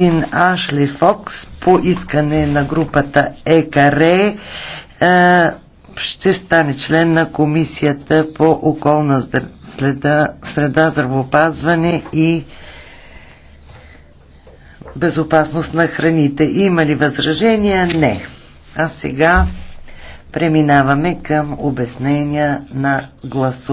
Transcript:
господин Ашли Фокс по искане на групата ЕКАРЕ е, ще стане член на Комисията по околна следа, среда, здравопазване и безопасност на храните. Има ли възражения? Не. А сега преминаваме към обяснения на гласу.